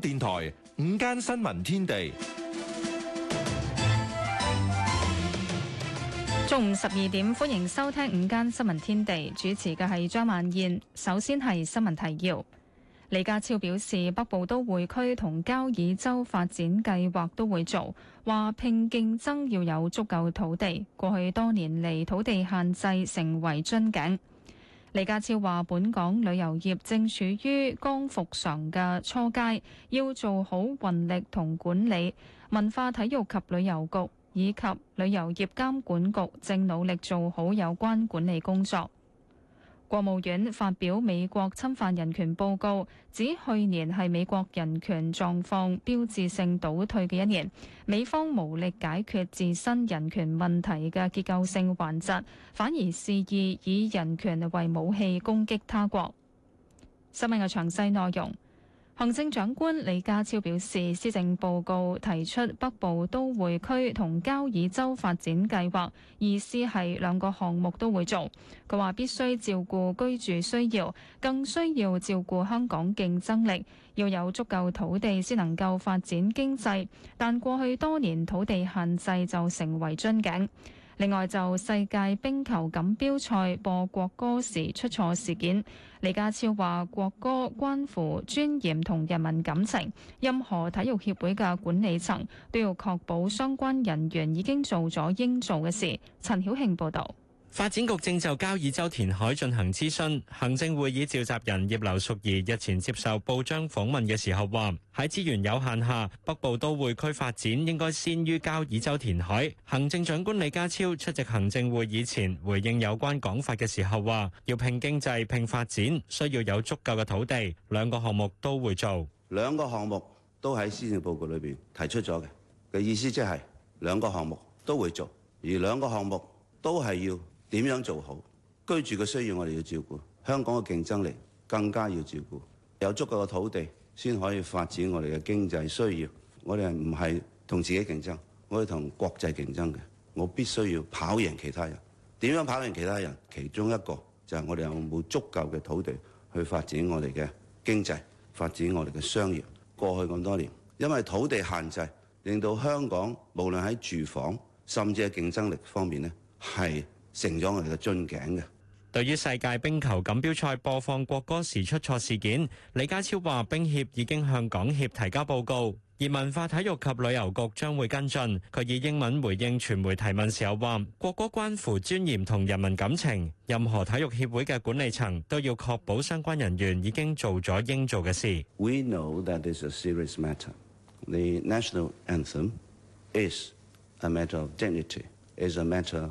電台午間新聞天地，中午十二點，歡迎收聽午間新聞天地，主持嘅係張曼燕。首先係新聞提要，李家超表示，北部都會區同交椅洲發展計劃都會做，話拼競爭要有足夠土地。過去多年嚟，土地限制成為樽頸。李家超話本港旅遊業正處於剛復常嘅初階，要做好運力同管理。文化體育及旅遊局以及旅遊業監管局正努力做好有關管理工作。國務院發表美國侵犯人權報告，指去年係美國人權狀況標誌性倒退嘅一年，美方無力解決自身人權問題嘅結構性頑疾，反而肆意以人權為武器攻擊他國。新聞嘅詳細內容。行政長官李家超表示，施政報告提出北部都會區同交椅洲發展計劃，意思係兩個項目都會做。佢話必須照顧居住需要，更需要照顧香港競爭力，要有足夠土地先能夠發展經濟。但過去多年土地限制就成為樽頸。另外就世界冰球錦標賽播國歌時出錯事件，李家超話國歌關乎尊嚴同人民感情，任何體育協會嘅管理層都要確保相關人員已經做咗應做嘅事。陳曉慶報道。發展局正就交椅洲填海進行諮詢，行政會議召集人葉劉淑儀日前接受報章訪問嘅時候話：喺資源有限下，北部都會區發展應該先於交椅洲填海。行政長官李家超出席行政會議前回應有關講法嘅時候話：要拼經濟、拼發展，需要有足夠嘅土地，兩個項目都會做。兩個項目都喺施政報告裏邊提出咗嘅，嘅意思即係兩個項目都會做，而兩個項目都係要。點樣做好居住嘅需要？我哋要照顧香港嘅競爭力，更加要照顧有足夠嘅土地，先可以發展我哋嘅經濟。需要我哋唔係同自己競爭，我要同國際競爭嘅。我必須要跑贏其他人。點樣跑贏其他人？其中一個就係我哋有冇足夠嘅土地去發展我哋嘅經濟，發展我哋嘅商業。過去咁多年，因為土地限制，令到香港無論喺住房甚至係競爭力方面呢，係。成咗我哋嘅樽頸嘅。對於世界冰球錦標賽播放國歌時出錯事件，李家超話：冰協已經向港協提交報告，而文化體育及旅遊局將會跟進。佢以英文回應傳媒提問時候話：國歌關乎尊嚴同人民感情，任何體育協會嘅管理層都要確保相關人員已經做咗應做嘅事。We know that is a serious matter. The national anthem is a matter of dignity, is a matter.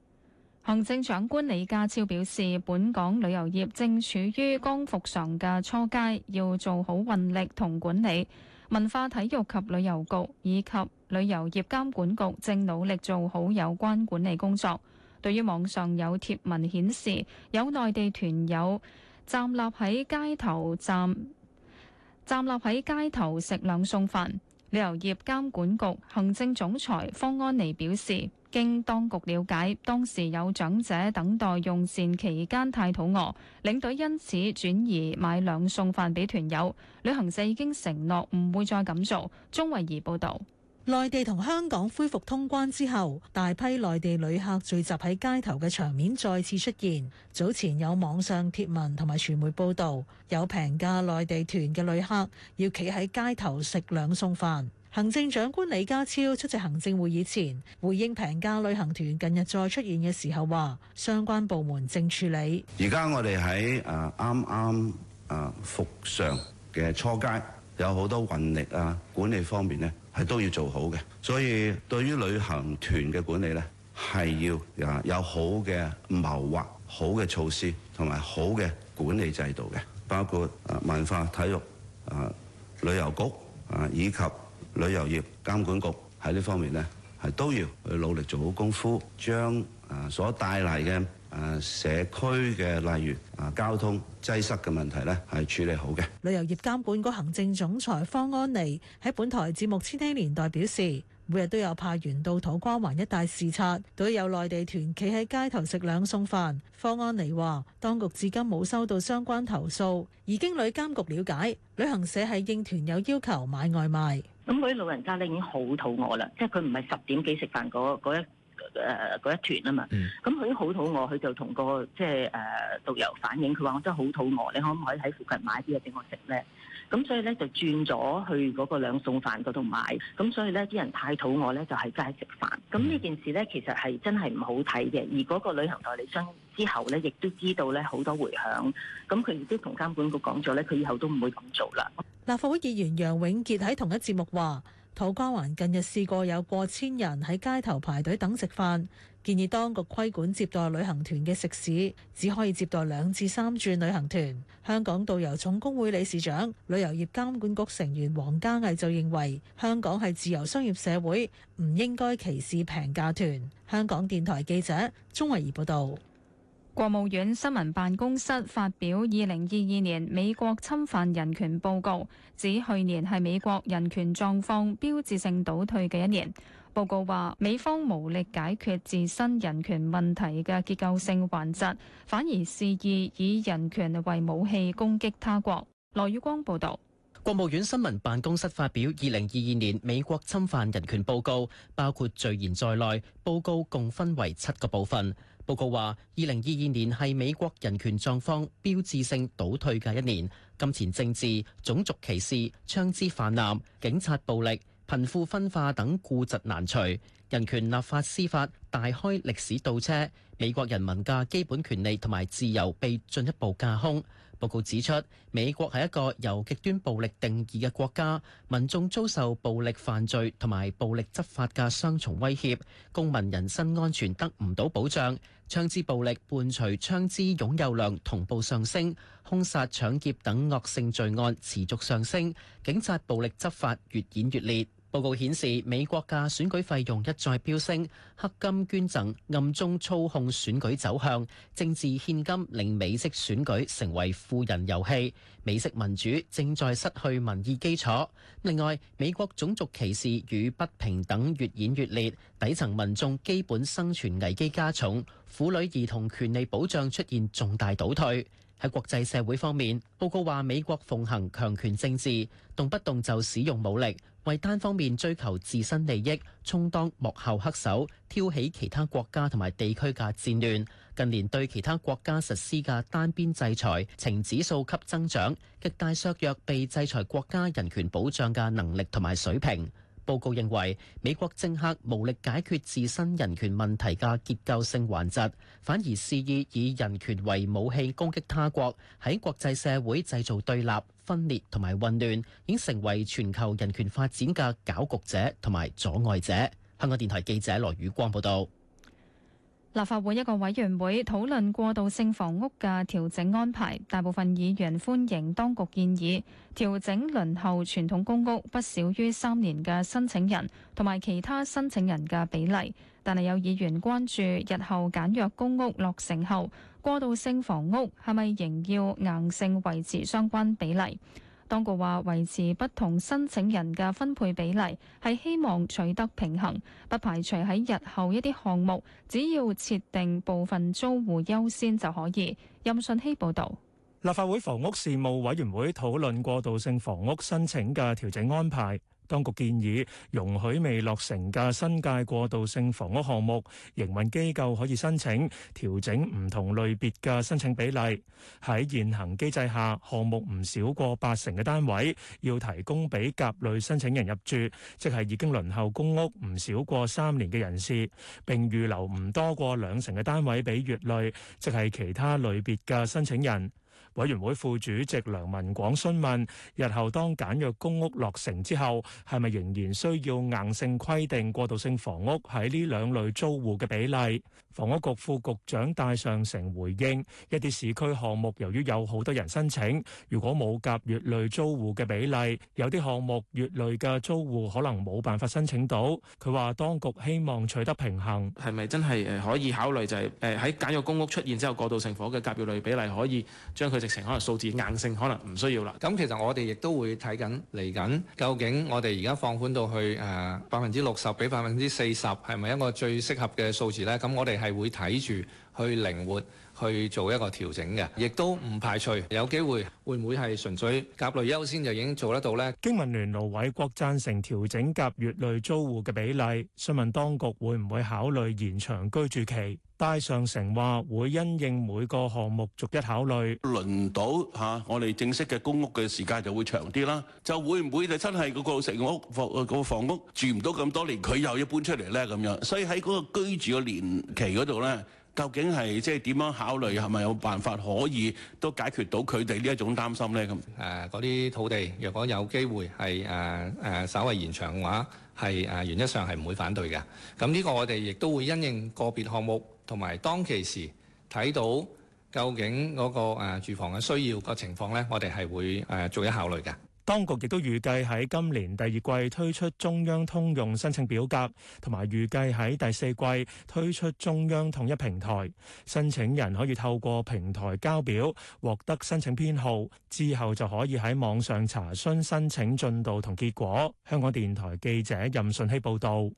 行政長官李家超表示，本港旅遊業正處於光復常嘅初階，要做好運力同管理。文化體育及旅遊局以及旅遊業監管局正努力做好有關管理工作。對於網上有帖文顯示有內地團友站立喺街頭站站立喺街頭食兩餸飯，旅遊業監管局行政總裁方安妮表示。經當局了解，當時有長者等待用膳期間太肚餓，領隊因此轉移買兩餸飯俾團友。旅行社已經承諾唔會再咁做。鍾慧儀報道：內地同香港恢復通關之後，大批內地旅客聚集喺街頭嘅場面再次出現。早前有網上貼文同埋傳媒報道，有平價內地團嘅旅客要企喺街頭食兩餸飯。行政長官李家超出席行政會議前，回應平價旅行團近日再出現嘅時候，話相關部門正處理。而家我哋喺誒啱啱誒復常嘅初階，有好多運力啊、管理方面呢係都要做好嘅。所以對於旅行團嘅管理呢，係要誒有好嘅謀劃、好嘅措施同埋好嘅管理制度嘅，包括文化、體育、誒、啊、旅遊局啊以及，旅遊業監管局喺呢方面咧，係都要去努力做好功夫，將誒所帶嚟嘅誒社區嘅例如啊交通擠塞嘅問題咧，係處理好嘅。旅遊業監管局行政總裁方安妮喺本台節目《千禧年代》表示，每日都有派員到土瓜灣一帶視察，都有內地團企喺街頭食兩餸飯。方安妮話，當局至今冇收到相關投訴，而經旅監局瞭解，旅行社係應團友要求買外賣。咁嗰啲老人家咧已經好肚餓啦，即係佢唔係十點幾食飯嗰，嗰一。誒嗰一團啊嘛，咁佢好肚餓，佢就同個即係誒導遊反映，佢話我真係好肚餓，你可唔可以喺附近買啲嘢俾我食咧？咁所以咧就轉咗去嗰個兩餸飯嗰度買，咁所以咧啲人太肚餓咧就係齋食飯。咁呢件事咧其實係真係唔好睇嘅，而嗰個旅行代理商之後咧亦都知道咧好多迴響，咁佢亦都同監管局講咗咧，佢以後都唔會咁做啦。立法會議員楊永傑喺同一節目話。土瓜灣近日試過有過千人喺街頭排隊等食飯，建議當局規管接待旅行團嘅食肆，只可以接待兩至三轉旅行團。香港導遊總工會理事長、旅遊業監管局成員黃嘉毅就認為，香港係自由商業社會，唔應該歧視平價團。香港電台記者鍾維怡報道。國務院新聞辦公室發表《二零二二年美國侵犯人權報告》，指去年係美國人權狀況標誌性倒退嘅一年。報告話，美方無力解決自身人權問題嘅結構性患疾，反而肆意以人權為武器攻擊他國。羅宇光報道。國務院新聞辦公室發表《二零二二年美國侵犯人權報告》，包括序言在內，報告共分為七個部分。報告話：二零二二年係美國人權狀況標誌性倒退嘅一年，金錢政治、種族歧視、槍支泛濫、警察暴力、貧富分化等痼疾難除，人權立法司法大開歷史倒車，美國人民嘅基本權利同埋自由被進一步架空。報告指出，美國係一個由極端暴力定義嘅國家，民眾遭受暴力犯罪同埋暴力執法嘅雙重威脅，公民人身安全得唔到保障，槍支暴力伴隨槍支擁有量同步上升，兇殺、搶劫等惡性罪案持續上升，警察暴力執法越演越烈。報告顯示，美國嘅選舉費用一再飆升，黑金捐贈暗中操控選舉走向，政治獻金令美式選舉成為富人遊戲，美式民主正在失去民意基礎。另外，美國種族歧視與不平等越演越烈，底層民眾基本生存危機加重，婦女兒童權利保障出現重大倒退。喺國際社會方面，報告話美國奉行強權政治，動不動就使用武力，為單方面追求自身利益，充當幕後黑手，挑起其他國家同埋地區嘅戰亂。近年對其他國家實施嘅單邊制裁，呈指數級增長，極大削弱被制裁國家人權保障嘅能力同埋水平。報告認為，美國政客無力解決自身人權問題嘅結構性頑疾，反而肆意以人權為武器攻擊他國，喺國際社會製造對立、分裂同埋混亂，已經成為全球人權發展嘅搞局者同埋阻礙者。香港電台記者羅宇光報道。立法會一個委員會討論過渡性房屋嘅調整安排，大部分議員歡迎當局建議調整輪候傳統公屋不少於三年嘅申請人同埋其他申請人嘅比例，但係有議員關注日後簡約公屋落成後，過渡性房屋係咪仍要硬性維持相關比例？當局話維持不同申請人嘅分配比例，係希望取得平衡，不排除喺日後一啲項目，只要設定部分租戶優先就可以。任信希報導，立法會房屋事務委員會討論過渡性房屋申請嘅調整安排。當局建議容許未落成嘅新界過渡性房屋項目，營運機構可以申請調整唔同類別嘅申請比例。喺現行機制下，項目唔少過八成嘅單位要提供俾甲類申請人入住，即係已經輪候公屋唔少過三年嘅人士，並預留唔多過兩成嘅單位俾乙類，即係其他類別嘅申請人。委員會副主席梁文廣詢問：日後當簡約公屋落成之後，係咪仍然需要硬性規定過渡性房屋喺呢兩類租戶嘅比例？房屋局副局長戴尚成回應：一啲市區項目由於有好多人申請，如果冇甲乙類租戶嘅比例，有啲項目乙類嘅租戶可能冇辦法申請到。佢話當局希望取得平衡，係咪真係誒可以考慮就係誒喺簡約公屋出現之後，過渡性房嘅甲乙類比例可以將佢直情可能數字硬性可能唔需要啦，咁其實我哋亦都會睇緊嚟緊，究竟我哋而家放寬到去誒百分之六十，比百分之四十係咪一個最適合嘅數字呢？咁我哋係會睇住去靈活。去做一個調整嘅，亦都唔排除有機會會唔會係純粹甲類優先就已經做得到咧？經民聯盧偉國讚成調整甲乙類租戶嘅比例，詢問當局會唔會考慮延長居住期？戴尚誠話會因應每個項目逐一考慮，輪到吓、啊，我哋正式嘅公屋嘅時間就會長啲啦，就會唔會就真係嗰個成屋房個房屋住唔到咁多年，佢又要搬出嚟咧咁樣，所以喺嗰個居住嘅年期嗰度咧。究竟係即係點樣考慮係咪有辦法可以都解決到佢哋呢一種擔心呢？咁誒，嗰啲土地若果有機會係誒誒稍為延長嘅話，係誒原則上係唔會反對嘅。咁呢個我哋亦都會因應個別項目同埋當其時睇到究竟嗰個誒住房嘅需要個情況呢，我哋係會誒做一考慮嘅。當局亦都預計喺今年第二季推出中央通用申請表格，同埋預計喺第四季推出中央統一平台，申請人可以透過平台交表，獲得申請編號，之後就可以喺網上查詢申請進度同結果。香港電台記者任順希報導。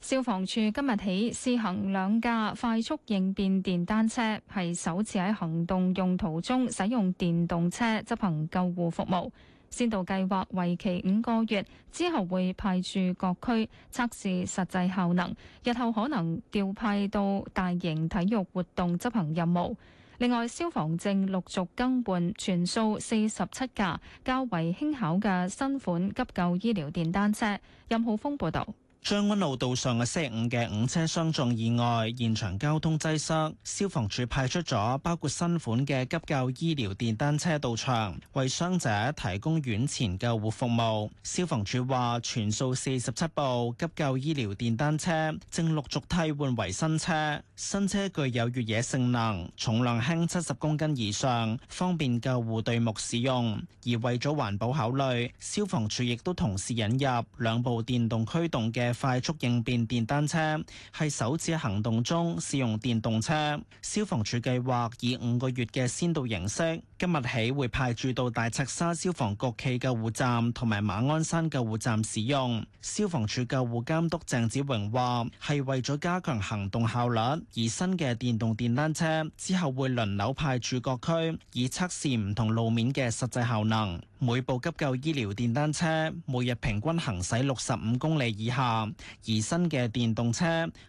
消防處今日起試行兩架快速應變電單車，係首次喺行動用途中使用電動車執行救護服務。先導計劃為期五個月，之後會派駐各區測試實際效能，日後可能調派到大型體育活動執行任務。另外，消防正陸續更換全數四十七架較為輕巧嘅新款急救醫療電單車。任浩峰報導。將軍澳道上嘅星期五嘅五車相撞意外，現場交通擠塞。消防處派出咗包括新款嘅急救醫療電單車到場，為傷者提供院前救護服務。消防處話，全數四十七部急救醫療電單車正陸續替換為新車，新車具有越野性能，重量輕七十公斤以上，方便救護隊目使用。而為咗環保考慮，消防處亦都同時引入兩部電動驅動嘅。快速應變電單車係首次行動中試用電動車，消防處計劃以五個月嘅先導形式，今日起會派駐到大赤沙消防局暨救護站同埋馬鞍山救護站使用。消防處救護監督鄭子榮話：係為咗加強行動效率，以新嘅電動電單車之後會輪流派駐各區，以測試唔同路面嘅實際效能。每部急救醫療電單車每日平均行駛六十五公里以下，而新嘅電動車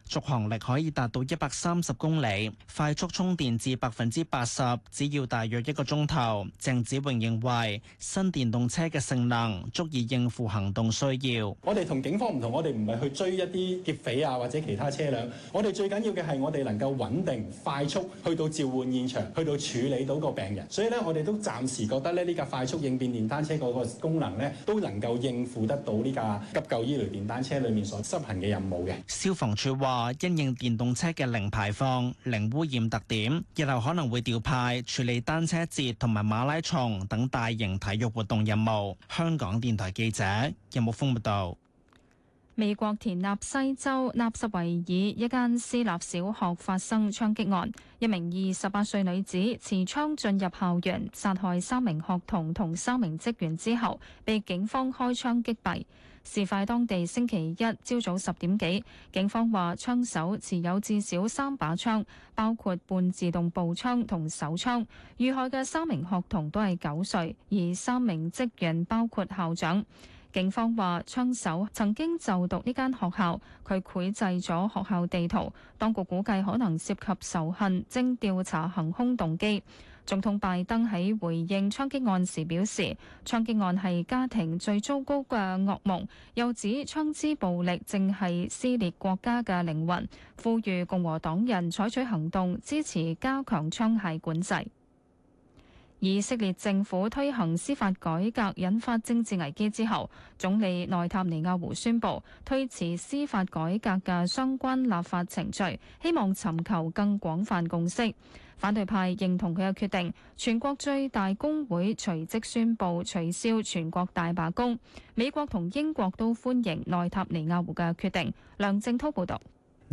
續航力可以達到一百三十公里，快速充電至百分之八十只要大約一個鐘頭。鄭子榮認為新電動車嘅性能足以應付行動需要。我哋同警方唔同，我哋唔係去追一啲劫匪啊，或者其他車輛，我哋最緊要嘅係我哋能夠穩定快速去到召喚現場，去到處理到個病人。所以咧，我哋都暫時覺得咧呢、呢個快速應變電。單車嗰個功能咧，都能夠應付得到呢架急救醫療電單車裏面所執行嘅任務嘅。消防處話，因應電動車嘅零排放、零污染特點，日後可能會調派處理單車節同埋馬拉松等大型體育活動任務。香港電台記者任木豐報道。美國田納西州納什維爾一間私立小學發生槍擊案，一名二十八歲女子持槍進入校園，殺害三名學童同三名職員之後，被警方開槍擊斃。事發當地星期一朝早十點幾，警方話槍手持有至少三把槍，包括半自動步槍同手槍。遇害嘅三名學童都係九歲，而三名職員包括校長。警方話槍手曾經就讀呢間學校，佢繪製咗學校地圖。當局估計可能涉及仇恨，正調查行兇動機。總統拜登喺回應槍擊案時表示，槍擊案係家庭最糟糕嘅噩夢，又指槍支暴力正係撕裂國家嘅靈魂，呼籲共和黨人採取行動支持加強槍械管制。以色列政府推行司法改革，引發政治危機之後，總理內塔尼亞胡宣布推遲司法改革嘅相關立法程序，希望尋求更廣泛共識。反對派認同佢嘅決定，全國最大工會隨即宣布取消全國大罷工。美國同英國都歡迎內塔尼亞胡嘅決定。梁正濤報道。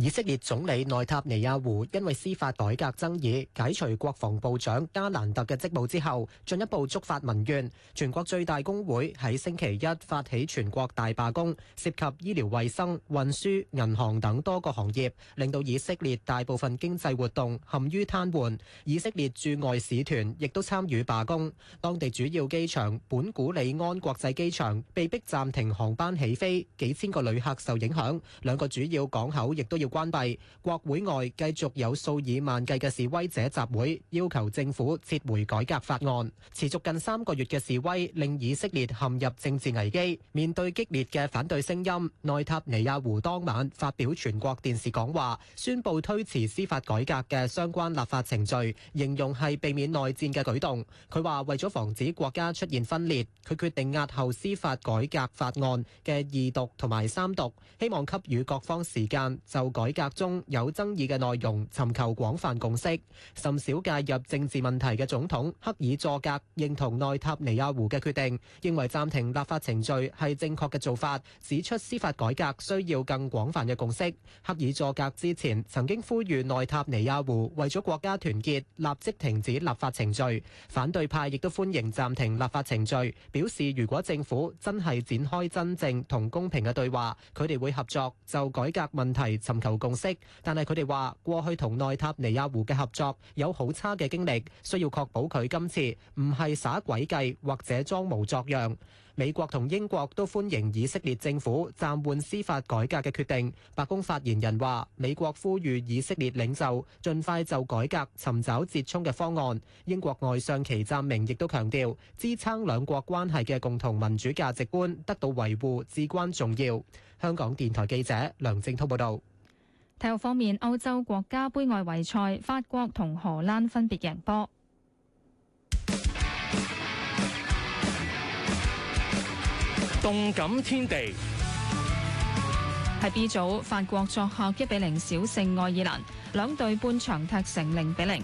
以色列總理內塔尼亞胡因為司法改革爭議解除國防部長加蘭特嘅職務之後，進一步觸發民怨。全國最大工會喺星期一發起全國大罷工，涉及醫療衛生、運輸、銀行等多個行業，令到以色列大部分經濟活動陷於癱瘓。以色列駐外使團亦都參與罷工，當地主要機場本古里安國際機場被逼暫停航班起飛，幾千個旅客受影響。兩個主要港口亦都要關閉國會外繼續有數以萬計嘅示威者集會，要求政府撤回改革法案。持續近三個月嘅示威令以色列陷入政治危機，面對激烈嘅反對聲音，內塔尼亞胡當晚發表全國電視講話，宣布推遲司法改革嘅相關立法程序，形容係避免內戰嘅舉動。佢話為咗防止國家出現分裂，佢決定押後司法改革法案嘅二讀同埋三讀，希望給予各方時間就。改革中有爭議嘅內容，尋求廣泛共識，甚少介入政治問題嘅總統克爾佐格認同內塔尼亞胡嘅決定，認為暫停立法程序係正確嘅做法，指出司法改革需要更廣泛嘅共識。克爾佐格之前曾經呼籲內塔尼亞胡為咗國家團結立即停止立法程序，反對派亦都歡迎暫停立法程序，表示如果政府真係展開真正同公平嘅對話，佢哋會合作就改革問題尋。求共識，但係佢哋話過去同內塔尼亞胡嘅合作有好差嘅經歷，需要確保佢今次唔係耍詭計或者裝模作樣。美國同英國都歡迎以色列政府暫緩司法改革嘅決定。白宮發言人話：美國呼籲以色列領袖盡快就改革尋找折衷嘅方案。英國外相祁湛明亦都強調，支撐兩國關係嘅共同民主價值觀得到維護至關重要。香港電台記者梁正滔報道。體育方面，歐洲國家盃外圍賽，法國同荷蘭分別贏波。動感天地係 B 組，法國作客一比零小勝愛爾蘭，兩隊半場踢成零比零。0,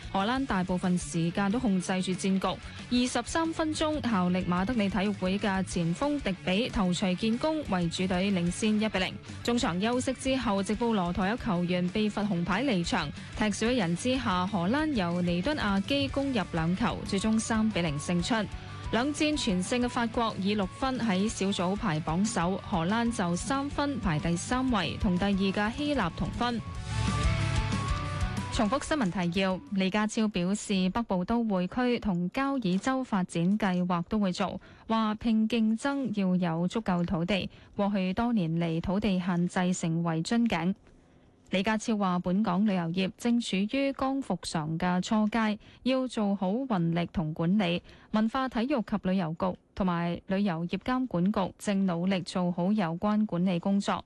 荷蘭大部分時間都控制住戰局，二十三分鐘效力馬德里體育會嘅前鋒迪比頭槌建功，為主隊領先一比零。中場休息之後，直布羅陀有球員被罰紅牌離場，踢少一人之下，荷蘭由尼敦亞基攻入兩球，最終三比零勝出。兩戰全勝嘅法國以六分喺小組排榜首，荷蘭就三分排第三位，同第二嘅希臘同分。重複新聞提要。李家超表示，北部都會區同交椅洲發展計劃都會做，話拼競爭要有足夠土地。過去多年嚟，土地限制成為樽頸。李家超話，本港旅遊業正處於剛復常嘅初階，要做好運力同管理。文化體育及旅遊局同埋旅遊業監管局正努力做好有關管理工作。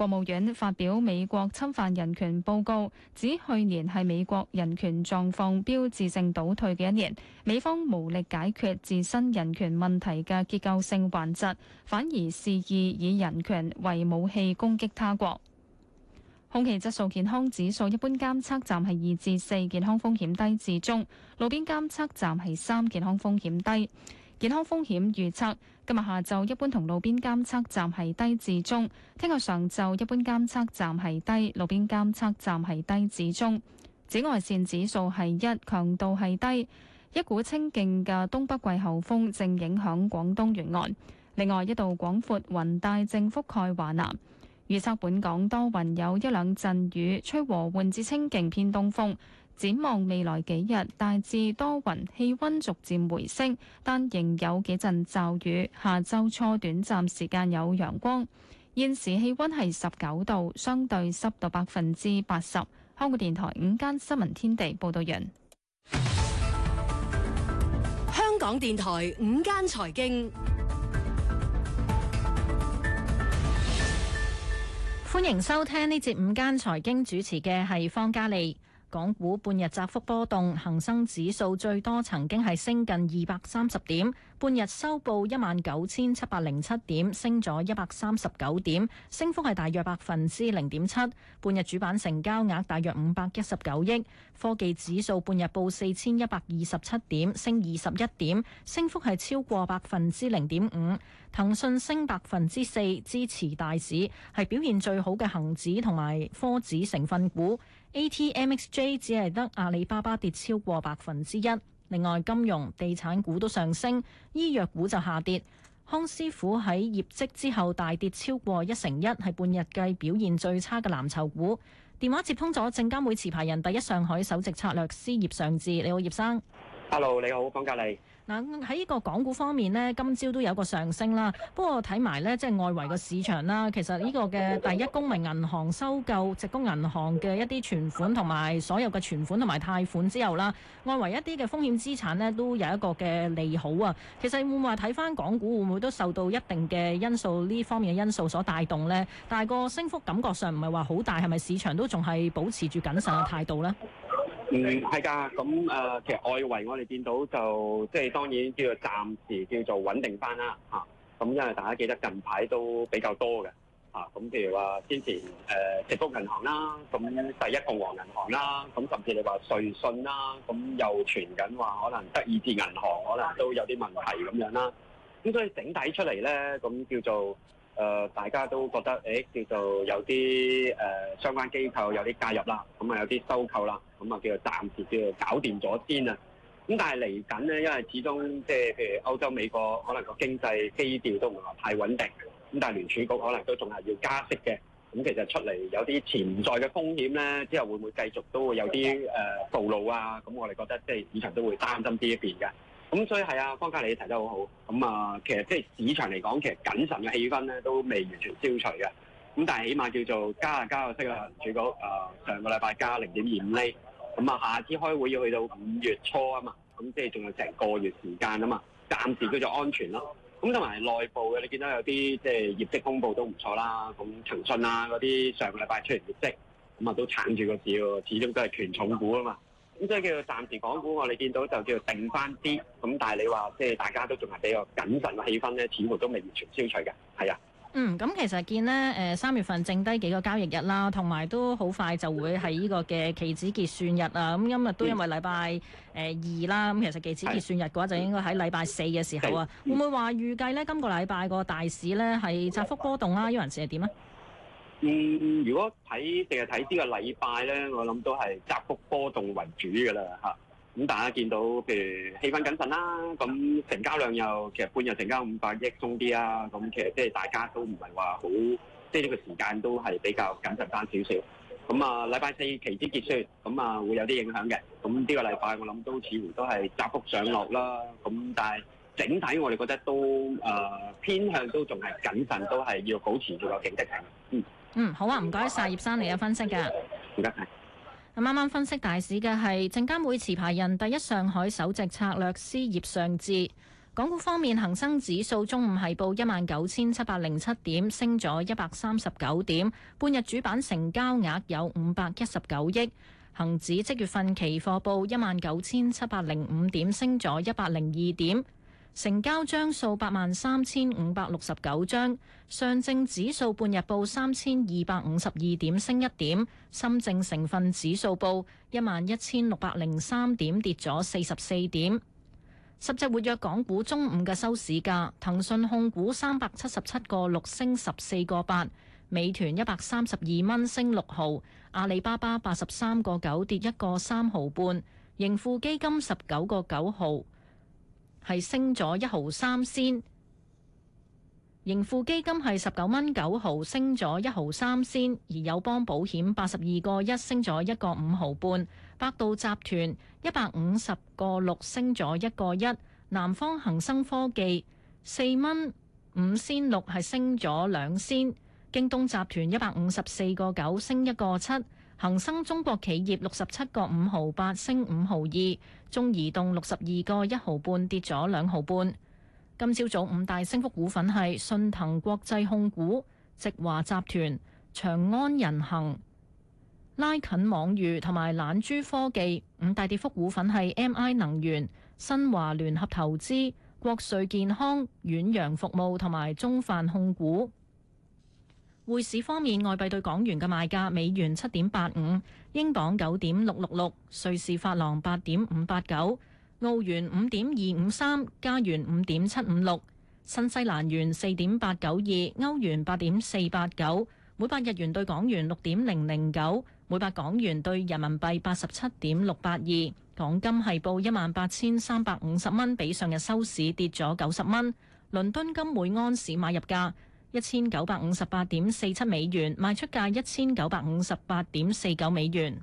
國務院發表美國侵犯人權報告，指去年係美國人權狀況標誌性倒退嘅一年。美方無力解決自身人權問題嘅結構性頑疾，反而肆意以人權為武器攻擊他國。空氣質素健康指數一般監測站係二至四，健康風險低至中；路邊監測站係三，健康風險低。健康風險預測：今日下晝一般同路邊監測站係低至中，聽日上晝一般監測站係低，路邊監測站係低至中。紫外線指數係一，強度係低。一股清勁嘅東北季候風正影響廣東沿岸，另外一度廣闊雲帶正覆蓋華南。預測本港多雲，有一兩陣雨，吹和緩至清勁偏東風。展望未來幾日，大致多雲，氣溫逐漸回升，但仍有幾陣驟雨。下周初短暫時間有陽光。現時氣溫係十九度，相對濕度百分之八十。香港電台午間新聞天地報道員。香港電台午間財經，歡迎收聽呢節午間財經，主持嘅係方嘉莉。港股半日窄幅波動，恒生指數最多曾經係升近二百三十點，半日收報一萬九千七百零七點，升咗一百三十九點，升幅係大約百分之零點七。半日主板成交額大約五百一十九億。科技指數半日報四千一百二十七點，升二十一點，升幅係超過百分之零點五。騰訊升百分之四，支持大市，係表現最好嘅恒指同埋科指成分股。A.T.M.X.J 只係得阿里巴巴跌超過百分之一，另外金融、地產股都上升，醫藥股就下跌。康師傅喺業績之後大跌超過一成一，係半日計表現最差嘅藍籌股。電話接通咗證監會持牌人第一上海首席策略師葉尚志，你好葉生。Hello，你好，講隔離。喺呢、啊、個港股方面呢，今朝都有個上升啦。不過睇埋呢，即係外圍個市場啦，其實呢個嘅第一公民銀行收購矽谷銀行嘅一啲存款同埋所有嘅存款同埋貸款之後啦，外圍一啲嘅風險資產呢，都有一個嘅利好啊。其實會唔會話睇翻港股會唔會都受到一定嘅因素呢方面嘅因素所帶動呢？但係個升幅感覺上唔係話好大，係咪市場都仲係保持住謹慎嘅態度呢？嗯，係㗎，咁誒、呃，其實外圍我哋見到就，即係當然叫做暫時叫做穩定翻啦，嚇、啊。咁因為大家記得近排都比較多嘅，嚇、啊。咁譬如話先前誒矽谷銀行啦，咁、啊、第一共和銀行啦，咁、啊、甚至你話瑞信啦，咁、啊、又傳緊話可能德意志銀行可能都有啲問題咁樣啦。咁、啊、所以整體出嚟咧，咁叫做誒、呃，大家都覺得誒、欸、叫做有啲誒、呃、相關機構有啲介入啦，咁啊有啲收購啦。咁啊，叫做暫時叫做搞掂咗先啊！咁但係嚟緊咧，因為始終即係譬如歐洲、美國，可能個經濟基調都唔係太穩定。咁但係聯儲局可能都仲係要加息嘅。咁其實出嚟有啲潛在嘅風險咧，之後會唔會繼續都會有啲誒暴露啊？咁我哋覺得即係市場都會擔心呢一邊嘅。咁所以係啊，方嘉利提得好好。咁啊，其實即係市場嚟講，其實謹慎嘅氣氛咧都未完全消除嘅。咁但係起碼叫做加下加個息啊，聯儲局啊上個禮拜加零點二五厘。咁啊，下次開會要去到五月初啊嘛，咁即係仲有成個月時間啊嘛，暫時叫做安全咯。咁同埋內部嘅，你見到有啲即係業績公布都唔錯啦，咁騰訊啊嗰啲上個禮拜出嚟業績，咁啊都撐住個市，始終都係權重股啊嘛。咁即係叫做暫時港股，我哋見到就叫做定翻啲。咁但係你話即係大家都仲係比較謹慎嘅氣氛咧，似乎都未完全消除嘅，係啊。嗯，咁其實見咧，誒、呃、三月份剩低幾個交易日啦，同埋都好快就會係呢個嘅期指結算日啊。咁、嗯、今日都因為禮拜誒二啦，咁其實期指結算日嘅話就應該喺禮拜四嘅時候啊。會唔會話預計咧今個禮拜個大市咧係窄幅波動啦？依回事係點啊？呢嗯，如果睇淨係睇呢個禮拜咧，我諗都係窄幅波動為主嘅啦，嚇、嗯。咁大家見到譬如氣氛謹慎啦，咁成交量又其實半日成交五百億鬆啲啦。咁其實即係大家都唔係話好，即係呢個時間都係比較謹慎翻少少。咁啊，禮拜四期指結算，咁啊會有啲影響嘅。咁呢個禮拜我諗都似乎都係窄幅上落啦。咁但係整體我哋覺得都誒、呃、偏向都仲係謹慎，都係要保持住個警惕性。嗯。嗯，好啊，唔該晒葉生，嚟嘅分析嘅。唔該晒。啱啱分析大市嘅係證監會持牌人第一上海首席策略師葉尚志。港股方面，恒生指數中午係報一萬九千七百零七點升咗一百三十九點，半日主板成交額有五百一十九億。恒指即月份期貨報一萬九千七百零五點升咗一百零二點。成交張數八萬三千五百六十九張，上證指數半日報三千二百五十二點升一點，深證成分指數報一萬一千六百零三點跌咗四十四點。十隻活躍港股中午嘅收市價，騰訊控股三百七十七個六升十四個八，美團一百三十二蚊升六毫，阿里巴巴八十三個九跌一個三毫半，盈富基金十九個九毫。係升咗一毫三仙，盈富基金係十九蚊九毫，升咗一毫三仙。而友邦保險八十二個一，升咗一個五毫半。百度集團一百五十個六，升咗一個一。南方恆生科技四蚊五仙六，係升咗兩仙。京東集團一百五十四個九，升一個七。恒生中國企業六十七個五毫八升五毫二，中移動六十二個一毫半跌咗兩毫半。今朝早,早五大升幅股份係信騰國際控股、直華集團、長安人行、拉近網娛同埋懶豬科技。五大跌幅股份係 MI 能源、新華聯合投資、國稅健康、遠洋服務同埋中泛控股。匯市方面，外幣對港元嘅賣價：美元七點八五，英鎊九點六六六，瑞士法郎八點五八九，澳元五點二五三，加元五點七五六，新西蘭元四點八九二，歐元八點四八九，每百日元對港元六點零零九，每百港元對人民幣八十七點六八二。港金係報一萬八千三百五十蚊，比上日收市跌咗九十蚊。倫敦金每安士買入價。一千九百五十八點四七美元，賣出價一千九百五十八點四九美元。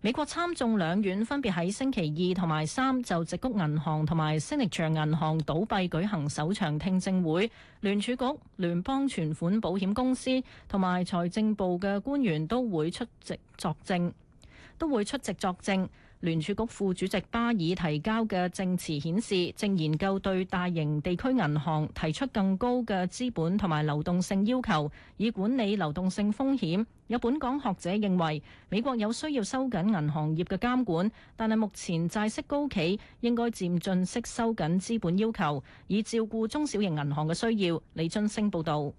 美國參眾兩院分別喺星期二同埋三就矽谷銀行同埋 Signature 銀行倒閉舉行首場聽證會，聯儲局、聯邦存款保險公司同埋財政部嘅官員都會出席作證，都會出席作證。聯儲局副主席巴爾提交嘅證詞顯示，正研究對大型地區銀行提出更高嘅資本同埋流動性要求，以管理流動性風險。有本港學者認為，美國有需要收緊銀行業嘅監管，但係目前債息高企，應該漸進式收緊資本要求，以照顧中小型銀行嘅需要。李晉星報道。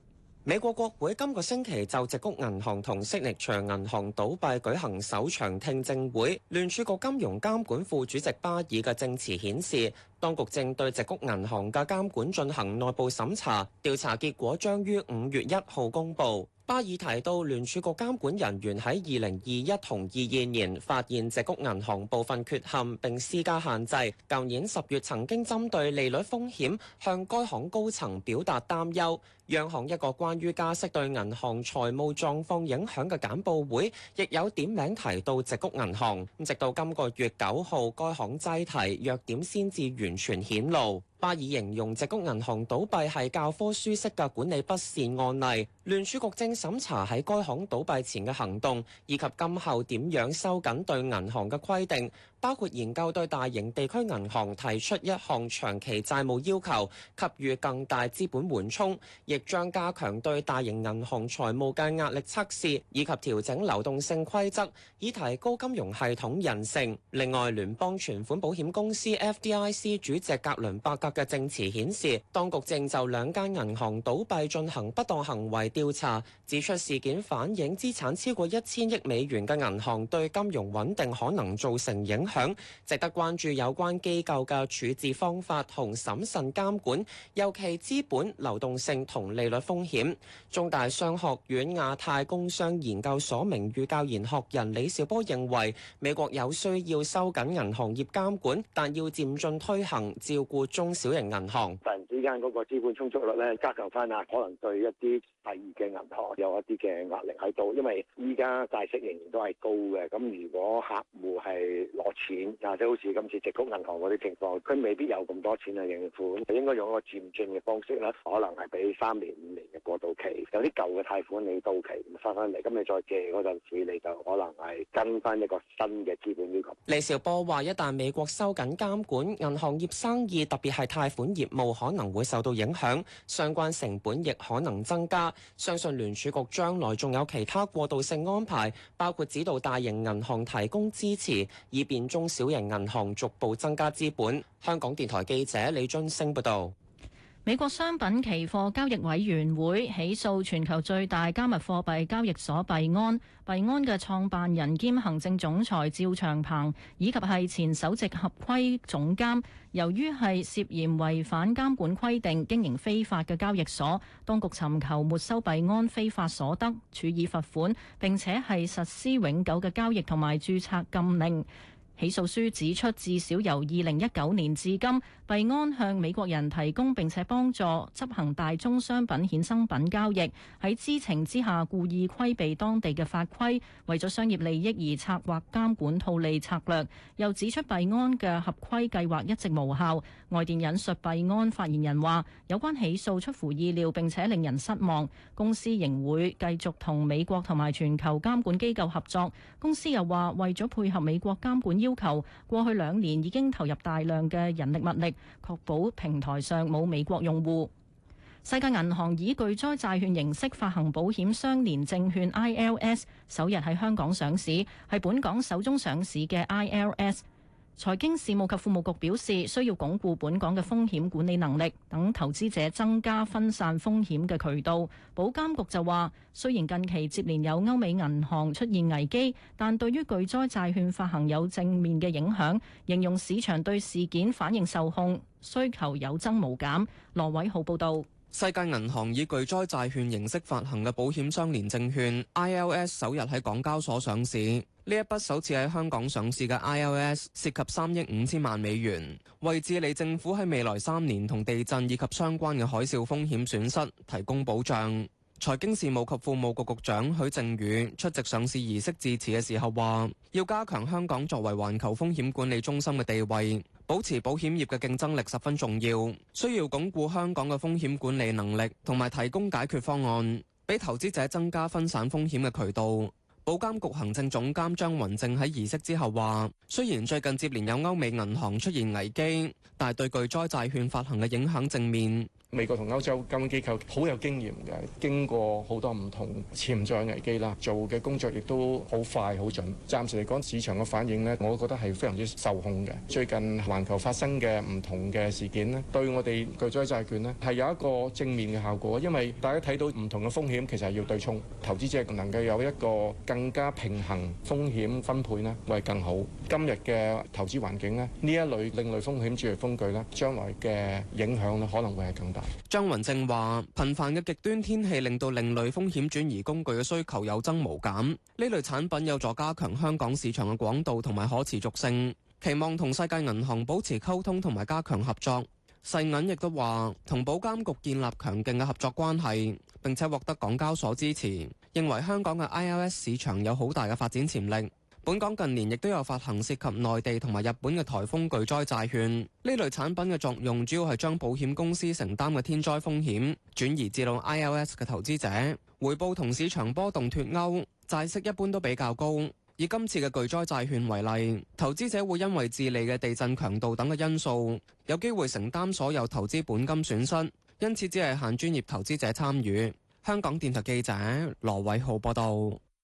美國國會今個星期就矽谷銀行同 Signature 銀行倒閉舉行首場聽證會。聯儲局金融監管副主席巴爾嘅證詞顯示，當局正對矽谷銀行嘅監管進行內部審查，調查結果將於五月一號公佈。巴爾提到，聯儲局監管人員喺二零二一同二二年發現矽谷銀行部分缺陷並施加限制，舊年十月曾經針對利率風險向該行高層表達擔憂。央行一個關於加息對銀行財務狀況影響嘅簡報會，亦有點名提到矽谷銀行。咁直到今個月九號，該行擠提弱點先至完全顯露。巴爾形容矽谷銀行倒閉係教科書式嘅管理不善案例。聯儲局正審查喺該行倒閉前嘅行動，以及今後點樣收緊對銀行嘅規定。包括研究對大型地區銀行提出一項長期債務要求，給予更大資本緩衝，亦將加強對大型銀行財務嘅壓力測試以及調整流動性規則，以提高金融系統韌性。另外，聯邦存款保險公司 FDIC 主席格倫伯格嘅證詞顯示，當局正就兩間銀行倒閉進行不當行為調查，指出事件反映資產超過一千億美元嘅銀行對金融穩定可能造成影響。值得關注有關機構嘅處置方法同審慎監管，尤其資本流動性同利率風險。中大商學院亞太工商研究所名譽教研學人李兆波認為，美國有需要收緊銀行業監管，但要漸進推行照顧中小型銀行。突然之間嗰個資本充足率呢，加強翻啦，可能對一啲第二嘅銀行有一啲嘅壓力喺度，因為依家債息仍然都係高嘅。咁如果客戶係攞錢，或者好似今次直谷銀行嗰啲情況，佢未必有咁多錢去應付，就應該用一個漸進嘅方式啦。可能係俾三年五年嘅過渡期，有啲舊嘅貸款你到期唔收翻嚟，咁你再借嗰陣時，你就可能係跟翻一個新嘅資本要求。李兆波話，一旦美國收緊監管，銀行業生意特別係貸款業務可能會受到影響，相關成本亦可能增加。相信聯儲局將來仲有其他過渡性安排，包括指導大型銀行提供支持，以便中小型銀行逐步增加資本。香港電台記者李俊升報導。美國商品期貨交易委員會起訴全球最大加密貨幣交易所幣安，幣安嘅創辦人兼行政總裁趙長鵬以及係前首席合規總監，由於係涉嫌違反監管規定經營非法嘅交易所，當局尋求沒收幣安非法所得，處以罰款，並且係實施永久嘅交易同埋註冊禁令。起訴書指出，至少由二零一九年至今，幣安向美國人提供並且幫助執行大宗商品衍生品交易，喺知情之下故意規避當地嘅法規，為咗商業利益而策劃監管套利策略。又指出幣安嘅合規計劃一直無效。外電引述幣安發言人話：有關起訴出乎意料並且令人失望，公司仍會繼續同美國同埋全球監管機構合作。公司又話：為咗配合美國監管要求過去兩年已經投入大量嘅人力物力，確保平台上冇美國用戶。世界銀行以巨災債券形式發行保險相連證券 I L S，首日喺香港上市，係本港首宗上市嘅 I L S。財經事務及庫務局表示，需要鞏固本港嘅風險管理能力，等投資者增加分散風險嘅渠道。保監局就話，雖然近期接連有歐美銀行出現危機，但對於巨災債券發行有正面嘅影響，形容市場對事件反應受控，需求有增無減。羅偉浩報導。世界銀行以巨災債券形式發行嘅保險相連證券 ILS 首日喺港交所上市。呢一筆首次喺香港上市嘅 ILS 涉及三億五千萬美元，為智利政府喺未來三年同地震以及相關嘅海嘯風險損失提供保障。財經事務及庫務局局，局長許正宇出席上市儀式致辭嘅時候話，要加強香港作為環球風險管理中心嘅地位。保持保險業嘅競爭力十分重要，需要鞏固香港嘅風險管理能力，同埋提供解決方案，俾投資者增加分散風險嘅渠道。保監局行政總監張雲正喺儀式之後話：雖然最近接連有歐美銀行出現危機，但係對巨災債券發行嘅影響正面。美國同歐洲金融機構好有經驗嘅，經過好多唔同潛在危機啦，做嘅工作亦都好快好準。暫時嚟講，市場嘅反應呢，我覺得係非常之受控嘅。最近環球發生嘅唔同嘅事件呢，對我哋巨災債券呢係有一個正面嘅效果，因為大家睇到唔同嘅風險其實係要對沖，投資者能夠有一個更加平衡風險分配呢，會更好。今日嘅投資環境呢，呢一類另類風險主要工具呢，將來嘅影響呢可能會係更。張雲正話：頻繁嘅極端天氣令到另類風險轉移工具嘅需求有增無減，呢類產品有助加強香港市場嘅廣度同埋可持續性。期望同世界銀行保持溝通同埋加強合作。世銀亦都話同保監局建立強勁嘅合作關係，並且獲得港交所支持，認為香港嘅 ILS 市場有好大嘅發展潛力。本港近年亦都有發行涉及內地同埋日本嘅台風巨災債券，呢類產品嘅作用主要係將保險公司承擔嘅天災風險轉移至到 ILS 嘅投資者，回報同市場波動脫歐債息一般都比較高。以今次嘅巨災債券為例，投資者會因為智利嘅地震強度等嘅因素，有機會承擔所有投資本金損失，因此只係限專業投資者參與。香港電台記者羅偉浩報道。